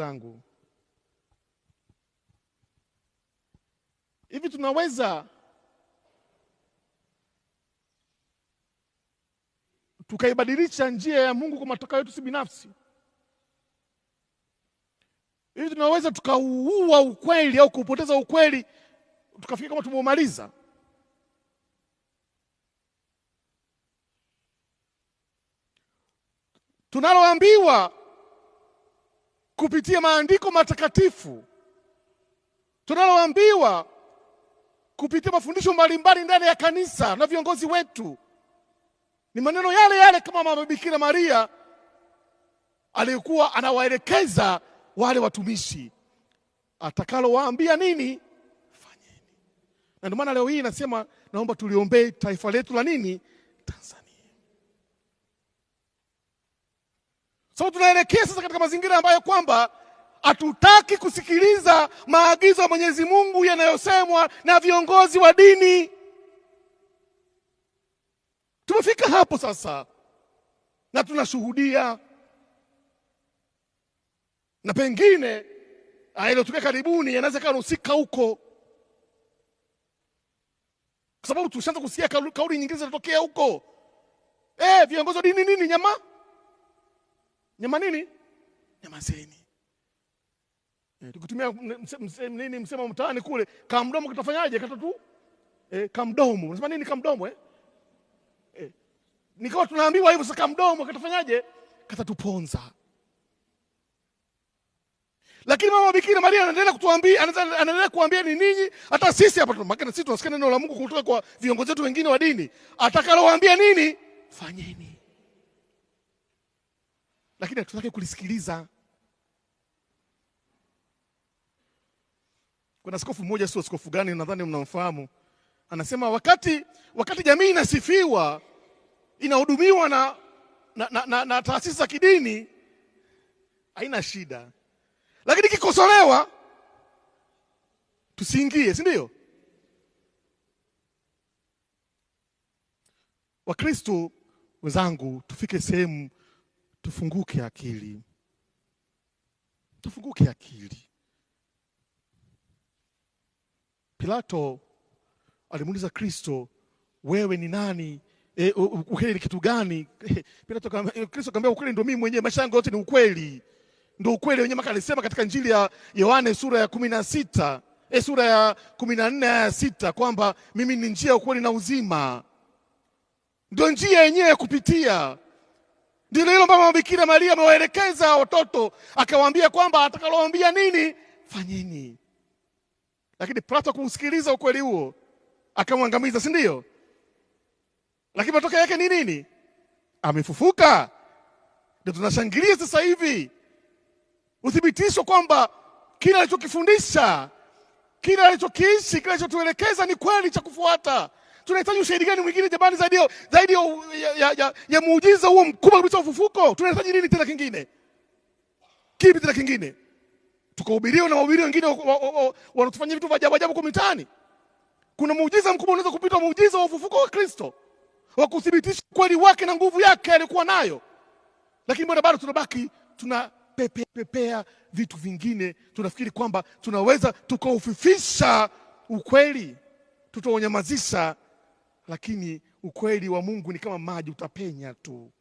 zangu. Hivi tunaweza tukaibadilisha njia ya Mungu kwa matokeo yetu si binafsi? Hivi tunaweza tukauua ukweli au kuupoteza ukweli tukafikia kama tumeumaliza? Tunaloambiwa kupitia maandiko matakatifu tunaloambiwa kupitia mafundisho mbalimbali ndani ya kanisa na viongozi wetu ni maneno yale yale kama mama Bikira Maria aliyekuwa anawaelekeza wale watumishi atakalowaambia nini fanyeni. Na ndio maana leo hii nasema naomba tuliombee taifa letu la nini Tanzania. So tunaelekea sasa katika mazingira ambayo kwamba hatutaki kusikiliza maagizo ya Mwenyezi Mungu yanayosemwa na viongozi wa dini. Tumefika hapo sasa na tunashuhudia, na pengine yaliyotokea ah, karibuni yanaweza ikawa nahusika huko, kwa sababu tushaanza kusikia kauli nyingine zinatokea huko. Eh, viongozi wa dini nini nyama nyama nini nyamazeni eh, tukitumia nini msemo mtaani kule kamdomo kitafanyaje tu eh, kamdomo unasema nini kamdomo eh? Eh, nikawa tunaambiwa hivyo sasa kamdomo katafanyaje katatuponza lakini mama Bikira Maria anaendelea kutuambia, anaendelea kuambia ni ninyi, hata sisi hapa tunamaka, sisi tunasikia neno la Mungu kutoka kwa viongozi wetu wengine wa dini, atakalowaambia nini fanyeni lakini hatutaki kulisikiliza. Kuna askofu mmoja, sio askofu gani, nadhani mnamfahamu, anasema wakati, wakati jamii inasifiwa inahudumiwa na, na, na, na, na taasisi za kidini haina shida, lakini ikikosolewa tusiingie, si ndio? Wakristo wenzangu, tufike sehemu tufunguke akili, tufunguke akili. Pilato alimuuliza Kristo, wewe ni nani? E, ukweli ni kitu gani? Pilato kambia, Kristo akamwambia ukweli ndio mimi mwenyewe, maisha yangu yote ni ukweli, ndio ukweli wenyewe. Maka alisema katika Injili ya Yohane sura ya kumi na sita e, sura ya kumi na nne aya ya sita kwamba mimi ni njia, ukweli na uzima, ndio njia yenyewe ya kupitia Ndilo hilo mama Bikira Maria amewaelekeza watoto, akawaambia kwamba atakaloambia nini fanyeni. Lakini Plato kuusikiliza ukweli huo akamwangamiza, si ndio? Lakini matokeo yake ni nini? Amefufuka. Ndio tunashangilia sasa hivi uthibitisho kwamba kile alichokifundisha, kile alichokiishi, kile alichotuelekeza ni kweli cha kufuata tunahitaji ushahidi gani mwingine jamani, zaidi zaidi ya, ya, ya, ya, ya muujiza huo mkubwa kabisa wa ufufuko? Tunahitaji nini tena kingine? Kipi tena kingine? Tukahubiriwa na wahubiri wengine wanatufanyia vitu vya ajabu ajabu kwa mitaani. Kuna muujiza mkubwa unaweza kupita muujiza wa ufufuko wa Kristo wa kuthibitisha kweli wake na nguvu yake alikuwa nayo, lakini bwana, bado tunabaki tuna pepea, pepea vitu vingine. Tunafikiri kwamba tunaweza tukaufifisha ukweli, tutaunyamazisha lakini ukweli wa Mungu ni kama maji, utapenya tu.